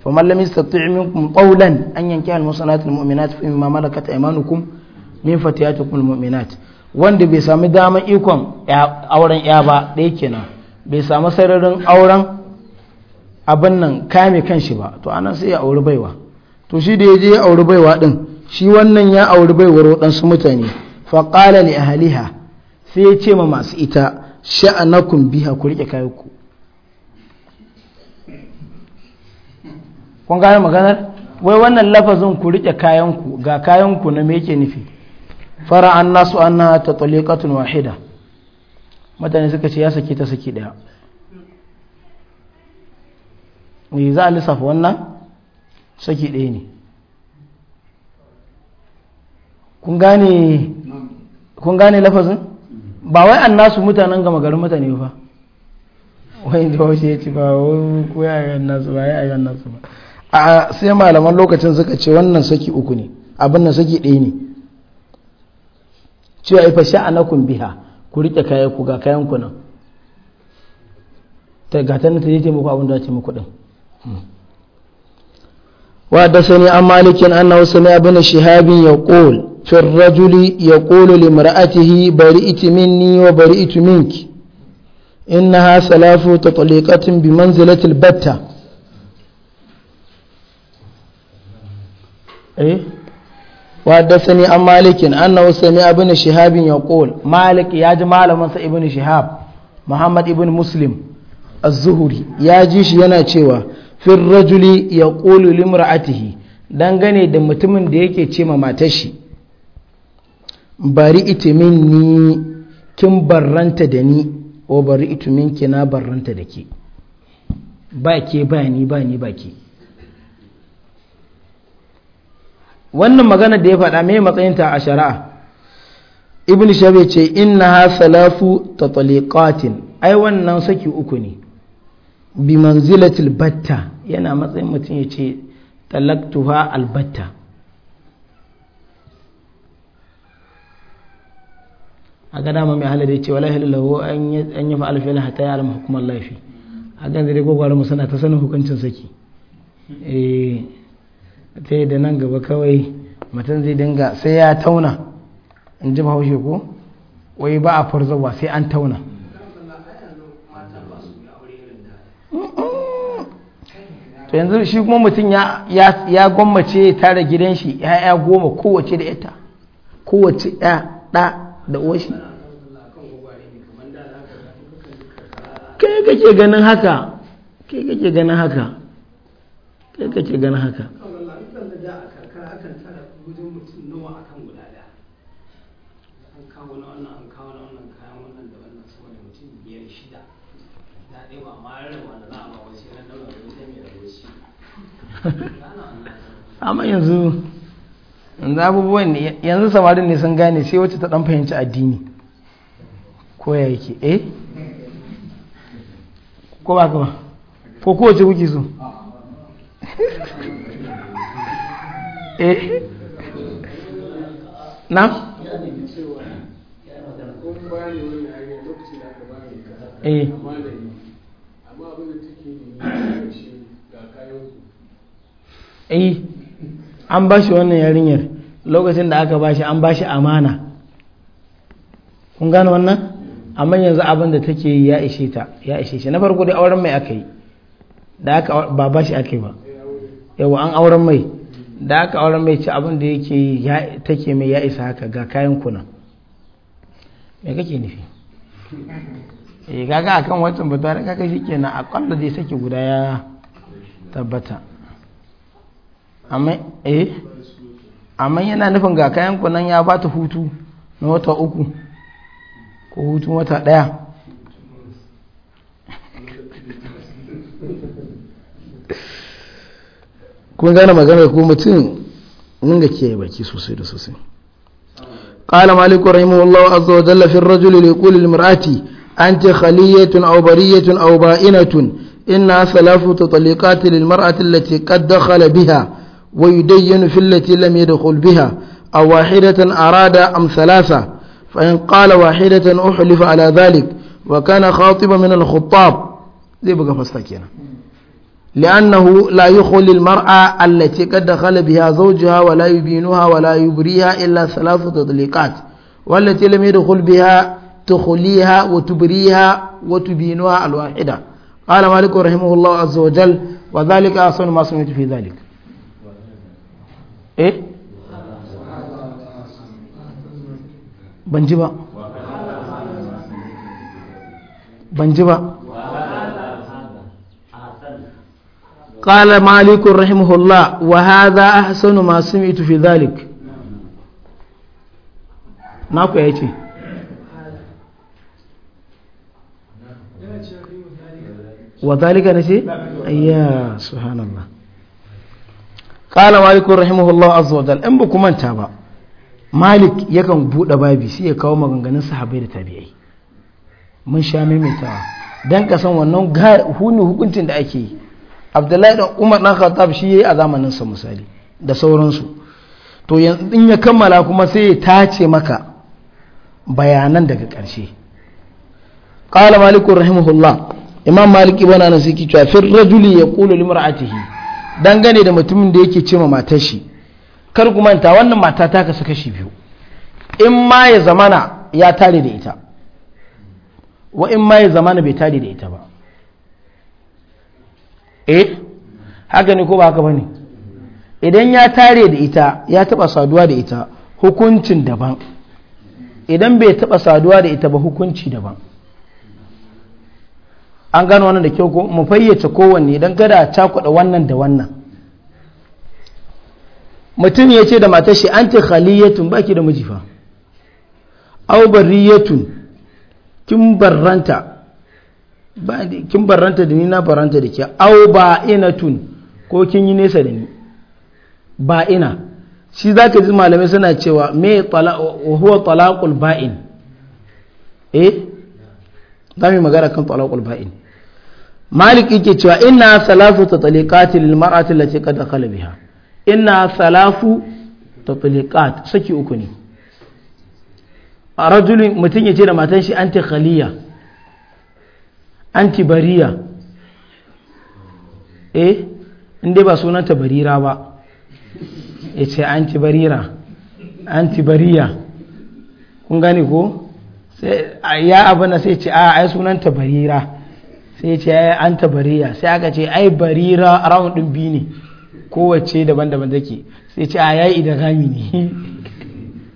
فمن لم يستطع منكم قولا أن ينكح المحصنات المؤمنات فمما ملكت أيمانكم من فتياتكم المؤمنات wanda bai sami damar ikon auren ya ba ɗaya kenan bai sami sararin auren abin nan kame kanshi ba to anan sai ya auri baiwa to shi da ya je ya auri baiwa ɗin shi wannan ya auri baiwar waɗansu mutane faƙala li ahaliha sai ya ce ma masu ita "Sha'anakun biha ku riƙe kayanku kun gane maganar wai wannan lafazin ku rike kayanku ga kayanku na me yake nufi fara an nasu anna ta taliqatun wahida mutane suka ce ya saki ta saki daya ne za a lissafa wannan saki ɗaya ne kun gane lafazin ba wai an nasu mutanen gama garin mutane ba wai da wasu ya ci ba wai kuwa ya nasu ba ya nasu ba a sai malaman lokacin suka ce wannan saki uku ne abin nan saki ɗaya ne cewa ifa sha'anakun biha ku rike kaya ku ga kayan ku nan ta gata na ta je muku abin da ce muku din hmm. wa da sani an malikin wasu sami abin da shihabin yaqul في الرجل يقول لامرأته برئت مني وبرئت salafu ta ثلاث bi بمنزلة batta Eh? wa dasani an malikin an na wasu sami abin shihabin ya maliki ya ji malamansa Ibn shihab muhammad Ibn muslim al-zuhuri ya ji shi yana cewa fin rajuli ya kowar limar atihi don da mutumin da yake ce ma matashi bari itimin ni kin barranta da ni wa bari itimin kina barranta da ke ba ke ba ni ba ni ba ke wannan magana da ya faɗa mai matsayinta a shari'a ibn shabe ce inna ha salafu tataliqatin ai wannan saki uku ne bi manzilatil batta yana matsayin mutum ya ce talaktuha albatta a gada ma mai halar ya ce wala hilalahu an yi fa'al fi'al hatta ya hukumar laifi a ga zai gwagwara musana ta sanin hukuncin saki eh. ta yi da nan gaba kawai mutum zai dinga sai ya tauna in ji haushe ko wai ba a farzawa sai an tauna to yanzu shi kuma mutum ya gwammace tare gidan shi ya goma kowace da ita kowace ya da da washi kai kake ganin haka kai kake ganin haka kai kake ganin haka dukkan da da a karkara akan tara wajen mutum nawa akan guda daya an kawo na wannan an kawo na wannan kayan wannan da wannan saboda mutum biyar shida na ɗaya ba ma rarraba da za a ba wasu yana da wani mutum mai rabo shi amma yanzu yanzu abubuwan ne yanzu samarin ne sun gane sai wacce ta dan fahimci addini ko ya yake eh ko ba ka ba ko kowace kuke so Eh. na eh, eh. an ba shi wannan yarinyar lokacin da aka ba shi an ba shi amana kun gane wannan amma yanzu abin da take yi ya ishe ta ya ishe shi na farko dai auren mai aka yi da aka ba ba shi aka yi ba yawa an auren mai da aka auren mai ci abin da yake take mai ya isa haka ga kayan kuna me kake nufi eh ga akan wancan batuwa kaga na akalla zai sake guda ya tabbata amma eh amma yana nufin ga kayan kunan ya ba ta hutu na wata uku ko hutun wata daya kun gane maganar ku mutum mun ga ke baki sosai da sosai qala malik rahimahullahu azza wa jalla fi ar-rajul li yaqul limra'ati anti khaliyatun aw bariyatun aw ba'inatun inna salafu tatliqati lilmar'ati allati qad dakhala biha wa yudayyanu fi allati lam yadkhul biha aw wahidatan arada am thalatha fa in qala wahidatan uhlifa ala dhalik wa kana khatiba min zai buga fasta kenan لأنه لا يخل المرأة التي قد دخل بها زوجها ولا يبينها ولا يبريها إلا ثلاث تطليقات والتي لم يدخل بها تخليها وتبريها وتبينها الواحدة قال مالك رحمه الله عز وجل وذلك أصلا ما سمعت في ذلك إيه بنجبا بنجبا قال مالك رحمه الله وهذا أحسن ما سمعت في ذلك ناكو يأتي وذلك نسي يا سبحان الله قال مالك رحمه الله عز وجل إن بكم أنت malik yakan buɗe babi sai ya kawo maganganun sahabai da tabi'ai mun sha maimaitawa don ka san wannan hukuncin da ake yi abdullahi da umar dan khattab shi yayi a zamanin sa misali da sauransu to yanzu in ya kammala kuma sai ya tace maka bayanan daga ƙarshe qala malik rahimahullah imam malik ibn anas yake cewa fir rajuli yaqulu limra'atihi dangane da mutumin da yake cewa matar shi kar ku manta wannan mata ta kasu kashi biyu in ma ya zamana ya tare da ita wa in ma ya zamana bai tare da ita ba eh haka ne ko ba haka bane idan ya tare da ita ya taba saduwa da ita hukuncin daban idan bai taba saduwa da ita ba hukunci daban an gano wannan da kyau ko mu fayyace kowanne idan kada a cakuɗa wannan da wannan mutum ya ce da matar shi an ce khaliyatun baki da mijifa au barriyatun kin barranta ba kin baranta da ni na baranta da ke au ba ina tun ko kin yi nesa da ni ba ina shi za ka ji malamai suna cewa me huwa talaqul ba'in eh za mu magana kan talaqul ba'in malik yake cewa inna salafu ta lil mar'ati allati qad dakhala biha inna salafu ta tataliqat saki uku ne a rajulin mutum ya ce da matan shi anti khaliya antibariya eh inda ba sunanta barira ba ya ce antibarira antibariya kun gani ko ya abinda sai ce a ai sunanta barira sai ce ai antabariya sai aka ce ai barira round din biyu ne kowace daban-daban zaki sai ce a yi idan rami ne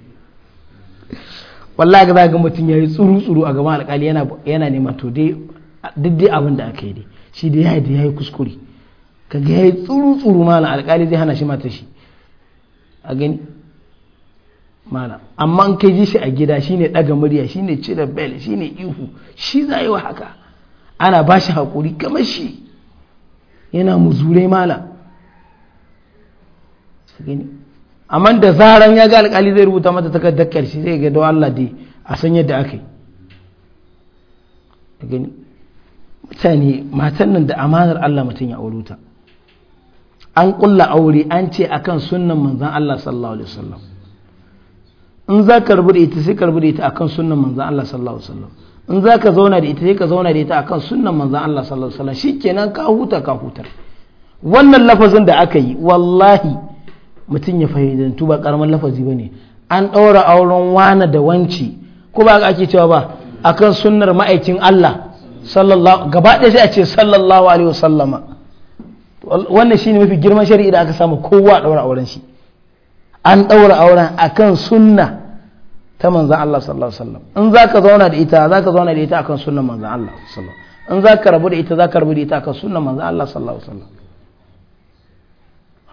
wallahi ga mutum ya yi tsuru-tsuru a gaban alkali yana neman to dai duk dai abin da aka yi dai shi da yayi da yayi kuskure kaga yayi tsuru tsuru mala alƙali zai hana shi mata shi a gani mala amma in kai ji shi a gida shine daga murya shine cire bel shine ihu shi za yi wa haka ana ba shi haƙuri kamar shi yana muzurai mala amma da zaran ya ga alƙali zai rubuta mata takardar ƙarshe zai ga don Allah dai a san yadda aka yi mutane matan nan da amanar Allah mutum ya aure ta an kulla aure an ce akan sunnan manzan Allah sallallahu alaihi wasallam in za ka rubuta ita sai ka rubuta ita akan sunnan manzan Allah sallallahu alaihi wasallam in za ka zauna da ita sai ka zauna da ita akan sunnan manzan Allah sallallahu alaihi wasallam shikenan ka huta ka hutar wannan lafazin da aka yi wallahi mutum ya fahimtu ba karamin lafazi ne an ɗaura auren wana da wanci ko ba ake cewa ba akan sunnar ma'aikin Allah sallallahu gaba ɗaya sai a ce sallallahu alaihi wasallama wannan shine mafi girman shari'i da aka samu kowa daura auren shi an daura auren akan sunna ta manzan Allah sallallahu alaihi wasallam in zaka zauna da ita zaka zauna da ita akan sunnan manzan Allah sallallahu alaihi wasallam in zaka rabu da ita zaka rabu da ita akan sunnan manzan Allah sallallahu alaihi wasallam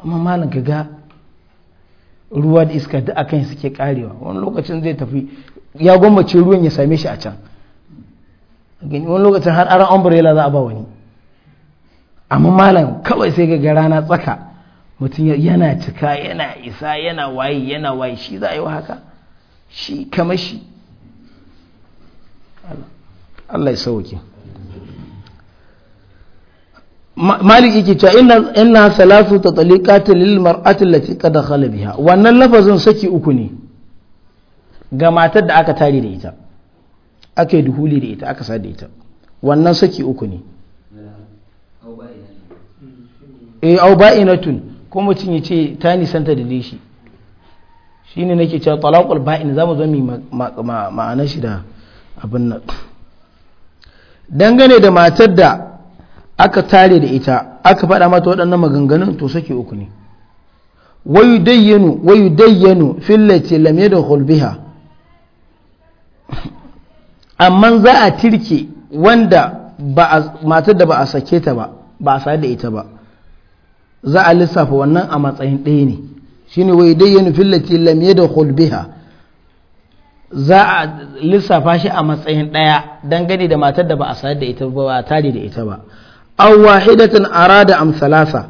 amma malam ka ga ruwa da iska duk akan suke karewa wani lokacin zai tafi ya gwammace ruwan ya same shi a can gani wani lokacin har aran umbrella za a ba wani amma malam kawai sai ga rana tsaka mutum yana cika yana isa yana waye yana waye shi za a yi haka shi kama shi Allah ya sauke malik yake cewa inna inna salatu tatliqatin lil mar'ati allati qad khala biha wannan lafazin saki uku ne ga matar da aka tare da ita aka yi duhuli da ita aka sada ita wannan saki uku ne eh au ba'inatun ko mutum ya ce ta nisanta da shi shine nake cewa talaqul ba'in zamu zo mu ma'anar shi da abin nan dangane da matar da aka tare da ita aka faɗa mata waɗannan maganganun to saki uku ne wayu dayyanu wayu dayyanu fillati lam yadkhul biha amma za a tirke wanda matar da ba a sake ta ba ba a sa da ita ba za a lissafa wannan a matsayin ɗaya ne shi ne wai dai yanufin lati lamye da biha za a lissafa shi a matsayin ɗaya dangane da matar da ba a sayar da ita ba ba tare da ita ba an wahidatan arada da amsalasa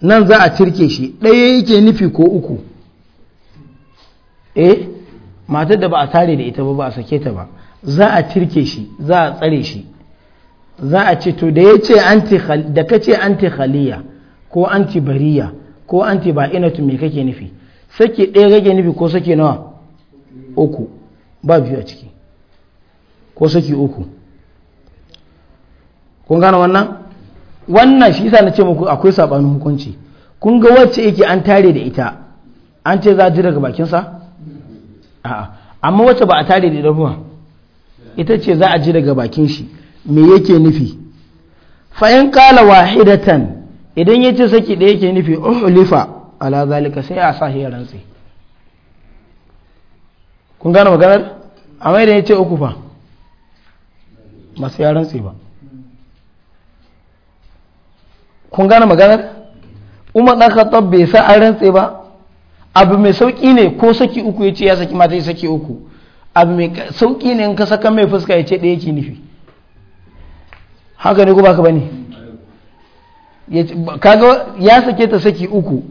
nan za a cirke shi ɗaya yake nufi ko uku eh matar da ba a tare da ita ba ba a sake ta ba za a tirke shi za a tsare shi za a ce to da yace anti da ka ce anti khaliya ko anti bariya ko anti ba'inatu me kake nufi sake ɗaya kake nufi ko sake nawa uku ba biyu a ciki ko sake uku kun gane wannan wannan shi yasa na ce muku akwai sabanin hukunci kun ga wacce yake an tare da ita an ce za a ji daga bakinsa a'a amma wacce ba a tare da ita ba ita ce za a ji daga bakin shi me yake nufi fa'in kala wahidatan idan ya ce saki da yake nufi uhulifa ala zalika sai a sa ya rantse kun gane maganar amma idan ya ce uku fa masu ya rantse ba kun gane maganar umar ɗan khattab bai sa an rantse ba abu mai sauƙi ne ko saki uku ya ce ya saki mata ya saki uku abu mai sauƙi ne in kasa kan mai fuska ya ce ɗaya ke nufi haka ne ko ka bane kaga ya sake ta saki uku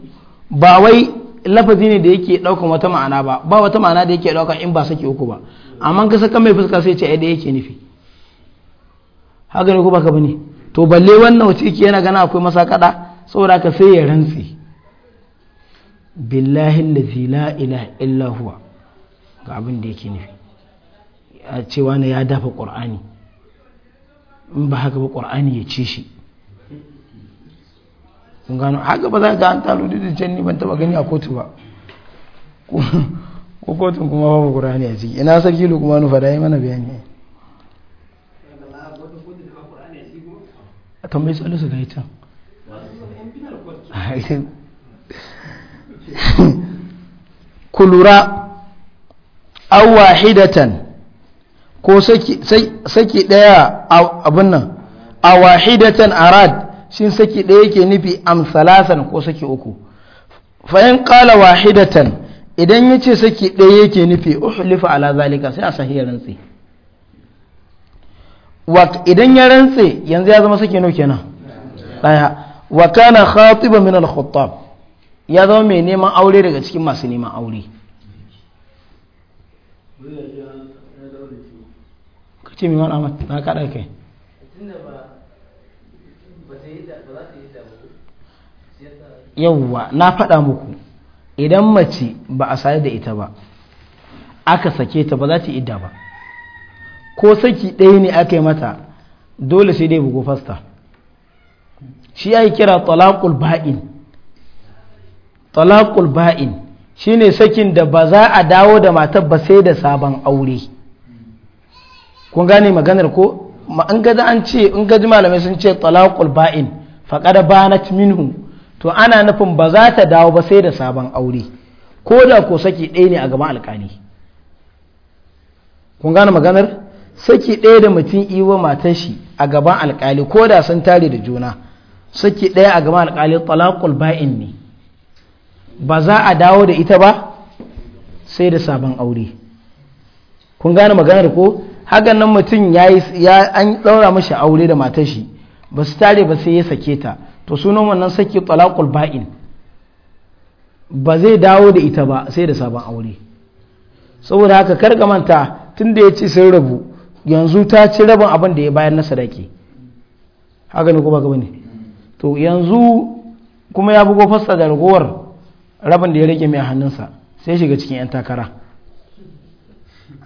ba wai lafazi ne da yake ɗaukan wata ma'ana ba ba wata ma'ana da yake ɗaukan in ba saki uku ba amma kasa kan mai fuska sai ce ɗaya ke nufi haka ne ko ka bane to balle wannan wace ke yana gana akwai masa kada saboda ka sai ya rantsi billahi allazi la ilaha illa huwa ga abin da yake nufi a cewa na ya dafa ƙor'ani in ba haka ba ƙor'ani ya ci shi sun gano haka ba za ga an talo da janni ban taba gani a kotu ba ko kotun kuma ba ƙor'ani a ciki ina sarki lukmanu fada yi mana bayani a tambayi su alisu ga ita kulura aw wahidatan ko saki daya abin nan a wahidatan arad shin saki daya yake nufi am salasan ko saki uku fa in qala wahidatan idan yace saki daya yake nufi uhlifa ala zalika sai a sahiyar rantsi wa idan ya rantsi yanzu ya zama saki nawa kenan daya wa kana khatiba min al-khuttab ya zama mai neman aure daga cikin masu neman aure ka na yawwa na faɗa muku idan mace ba a sayar da ita ba aka sake ta ba za ta idda ba ko saki ɗaya ne aka yi mata dole sai dai bugu fasta shi ya yi kira talakul ba'in shine sakin da ba za a dawo da matar ba sai da sabon aure kun gane maganar ko an gaji an ce in gaji malamai sun ce talaqul ba'in faqad banat minhu to ana nufin ba za ta dawo ba sai da sabon aure ko da ko saki ɗaya ne a gaban alƙali kun gane maganar saki ɗaya da mutum iwa matar shi a gaban alƙali ko da sun tare da juna saki ɗaya a gaban alƙali talaqul ba'in ne ba za a dawo da ita ba sai da sabon aure kun gane maganar ko hakan nan mutum ya an ɗaura mashi aure da matar shi ba su tare ba sai ya sake ta to sunan wannan saki talaqul ba'in ba zai dawo da ita ba sai da sabon aure saboda haka kar ka manta tunda da ya ci sun rabu yanzu ta ci rabin abin da ya bayar na sadaki haka ne ko ba ne to yanzu kuma ya bugo fasa da ragowar rabin da ya rike mai hannunsa sai shiga cikin 'yan takara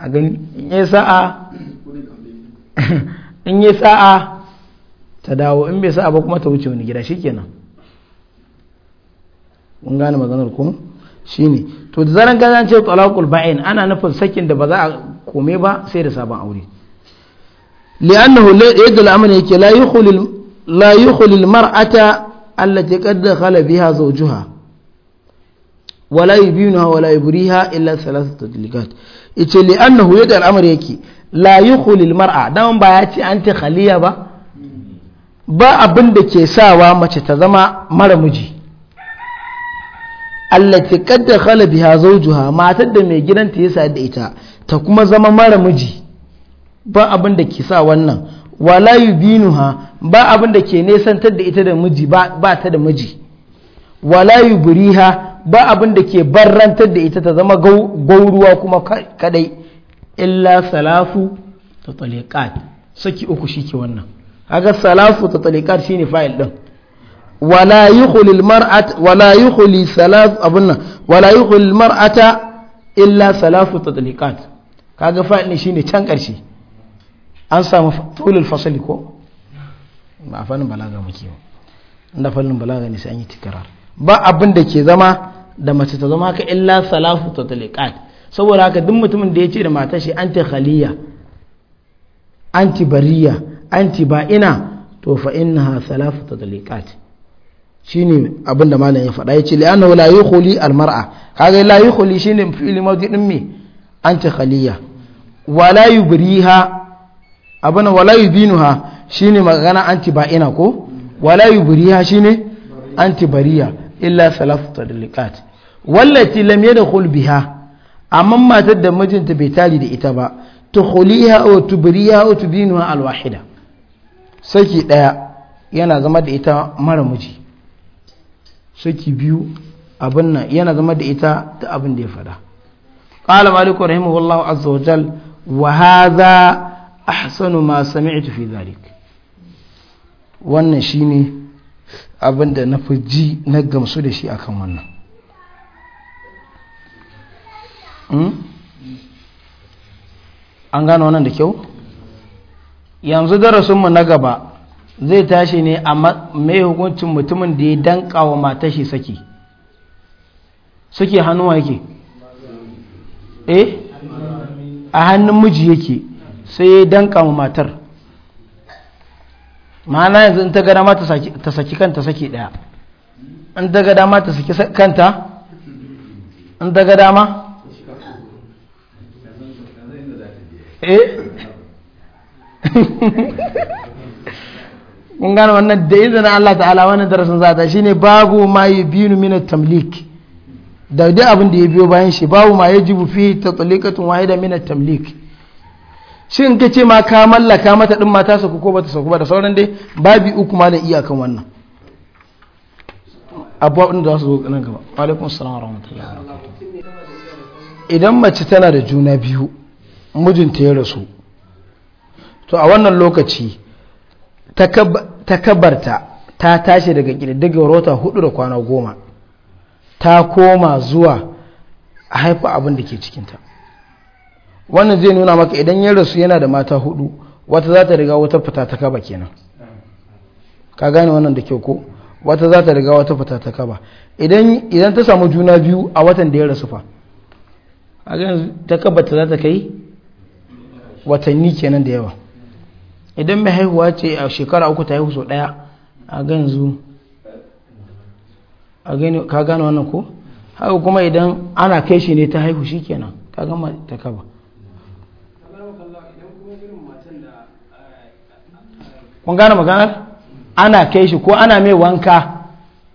in yi sa'a ta dawo in bai sa'a ba kuma ta wuce wani gida shikenan kun gane maganar kuma shi ne to da zaran gazan ce ba'in ana nufin sakin da ba za a kome ba sai da sabon aure da yadda al'amari yake layi hulil la yukhul al-mar'ata allati qad dakhala wala yubina wala yubriha illa thalath tadlikat yace li annahu yadda al'amar yake la yukhulil mar'a dan ba ya ce anti ba ba abin da ke sawa mace ta zama mara miji allati qad dakhala biha zawjuha matar da mai gidanta ya sadu da ita ta kuma zama mara miji ba abin da ke sa wannan wala yubinuha ba abin da ke nesantar da ita da miji ba ta da miji Walayu yuburiha ba abin da ke barrantar da ita ta zama gauruwa kuma kadai illa salafu ta talikat saki uku shi ke wannan aga salafu ta shi shine fayil ɗin wala yi huli wala yukhli salaf abunna wala yukhli illa salafu ta talikat kaga fayil ne shine can ƙarshe an samu tulul fasali ko ba fannin balaga muke ba inda fannin balaga ne sai an yi tikarar ba abin da ke zama da mace ta zama ka illa salafu ta talikat saboda haka duk mutumin da ya ce da matar shi anti khaliya anti bariya anti ba'ina to fa innaha salafu ta talikat shine abin da malam ya faɗa ya ce li'annahu la yukhli al-mar'a kaga la yukhli shine fi'il mawdi din me anti khaliya wala yubriha abana wala yubinuha shine magana anti ba'ina ko wala yubriha shine anti bariya illa salatu da wallati lam yadkhul biha amma matar da mijinta bai tali da ita ba tuhuliha wa tubriha wa tudinuha alwahida saki ɗaya yana zama da ita mara miji saki biyu abin nan yana zama da ita ta abin da ya fada ƙala maliku rahimahullahu azza wa jal wa hadha ahsanu ma sami'tu fi dhalik wannan shine abinda na fi ji na gamsu da shi akan wannan hmm? an gano wannan da kyau yanzu darasinmu na gaba zai tashi ne a mai hukuncin mutumin da ya danka wa matashi saki suke hannuwa yake eh a hannun miji yake sai ya danka wa matar ma'ana yanzu in ta ga dama ta saki kanta saki daya in ta ga dama ta saki kanta in ta ga dama eh kun gane wannan da izinin Allah ta'ala wannan darasin zata shine babu ma biyu min tamlik da dai abin da ya biyo bayan shi babu ma yajibu fi tatliqatun wahida min tamlik shin ka ce ma ka mallaka mata din mata saku ko bata saku ba da sauran dai babi uku malam iya kan wannan abuwa din da su zo nan gaba alaikun salam wa rahmatullahi wa idan mace tana da juna biyu mijinta ya rasu to a wannan lokaci takabarta ta tashi daga ƙididdigar rota hudu da kwana goma ta koma zuwa haifa abin da ke cikinta wannan zai nuna maka idan ya rasu yana da mata hudu wata za ta riga wata fita ta kaba kenan ka gane wannan da kyau ko wata za ta riga wata fita ta kaba idan ta samu juna biyu a watan da ya rasu fa a ganin ta kaba ta za ta kai watanni kenan da yawa idan mai haihuwa ce a shekara uku ta haihu sau daya a ganzu ka gane wannan ko haka kuma idan ana kai shi ne ta haihu shi kenan ka gama ta kaba kun gane maganar ana kai shi ko ana mai wanka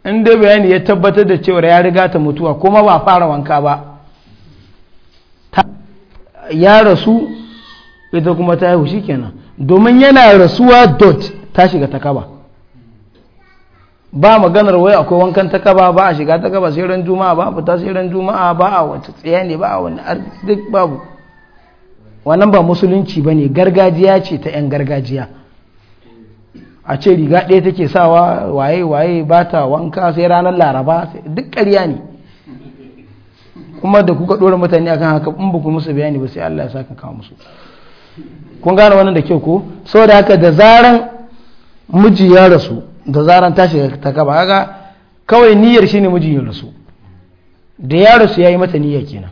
in dai bayani ya tabbatar da cewar ya riga ta mutuwa kuma ba fara wanka ba ya rasu ita kuma ta haihu shikenan domin yana rasuwa dot ta shiga ta kaba ba maganar wai akwai wankan ta kaba ba a shiga ta kaba sai ran juma'a ba fita sai ran juma'a ba a wata tsaye ne ba a wani arziki duk babu wannan ba musulunci ba ne gargajiya ce ta 'yan gargajiya a ce riga ɗaya take sawa waye waye ba ta wanka sai ranar laraba duk ƙarya ne kuma da kuka ɗora mutane akan haka in ba ku musu bayani ba sai Allah ya saka kawo musu kun gane wannan da kyau ko saboda haka da zaran miji ya rasu da zaran tashi ta kaba kaga kawai niyyar shine miji ya rasu da ya rasu yayi mata niyya kenan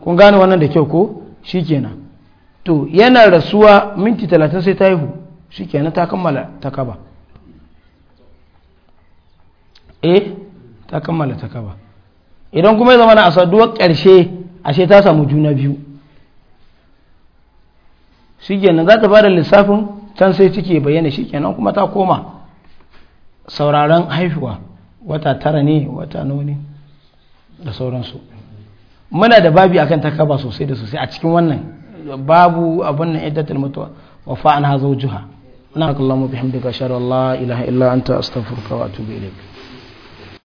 kun gane wannan da kyau ko shikenan to yana rasuwa minti 30 sai ta haihu shi kenan ta kammala ta kaba eh ta kammala ta kaba idan kuma ya zama na karshe ƙarshe ashe ta samu juna biyu shi kenan za ta fara lissafin can sai cike bayyana shi kenan kuma ta koma sauraron haihuwa wata tara ne wata noni da sauransu muna da babi akan takaba sosai da sosai a cikin wannan babu abin nan iddatul mutuwa wa fa'an hazo juha نعم اللهم بحمدك أشهد أن لا إله إلا أنت أستغفرك وأتوب إليك